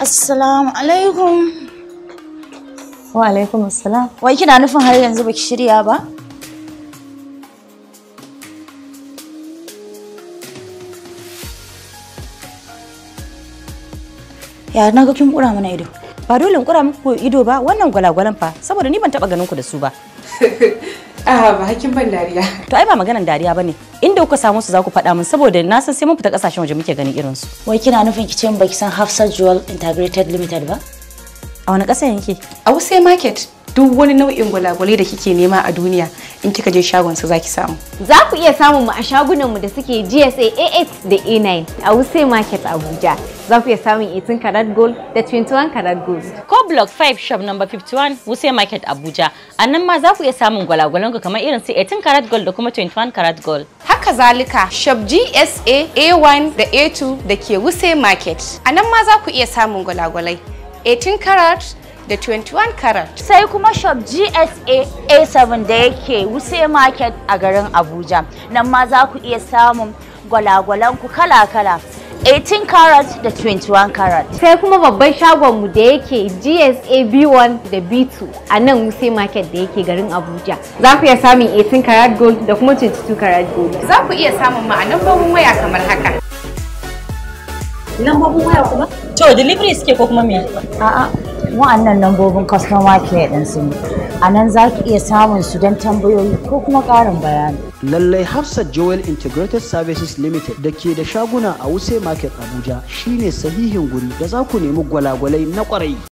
Assalamu alaikum. Wa alaikum assalam. Wai kina nufin har yanzu baki shirya ba? Ya na ga kin kura mana ido. Ba dole in kura muku ido ba wannan gwalagwalan fa saboda ni ban taba ganin ku da su ba. Ah, ba hakin ban dariya. To ai ba maganan dariya bane. Inda kuka samu su za ku faɗa min saboda na san sai mun fita kasashen waje muke ganin irin su. Wai kina nufin ki ce mun baki san Hafsa Jewel Integrated Limited ba? A wani ƙasa yanke? A Wuse Market. Duk wani nau'in gwalagwale da kike nema a duniya in kika je shagon su zaki samu. Za ku iya samun mu a shagunanmu da suke GSA A8 da A9 a Wuse Market Abuja. Za ku iya samun 18 karat gold da 21 karat gold. Ko Block 5 shop number 51 Wuse Market Abuja. A nan ma za ku iya samun gwalagwalan ku kamar irin su 18 karat gold da kuma 21 karat gold. Haka zalika shop GSA A1 da A2 da ke Wuse Market. A nan ma za ku iya samun gwalagwalai 18 karat da 21 karat. Sai kuma shop GSA A7 da yake Wuse Market a garin Abuja. Nan ma za ku iya samun gwalagwalanku kala-kala. 18 karat da 21 karat. Sai kuma babban shagonmu da yake GSA B1 da B2 a nan Wuse Market da yake garin Abuja. Za ku iya samun 18 karat gold da kuma 22 karat gold. Za ku iya samun ma'anar babban waya kamar haka. Lambobin waya kuma? To delivery suke ko kuma me? A'a, wa'annan lambobin customer care ɗin su ne a nan za ki iya samun su don tambayoyi ko kuma ƙarin bayani lallai hafsat joel integrated services limited da ke da shaguna a wuse market abuja shine sahihin guri da za ku nemi gwalagwalai na kwarai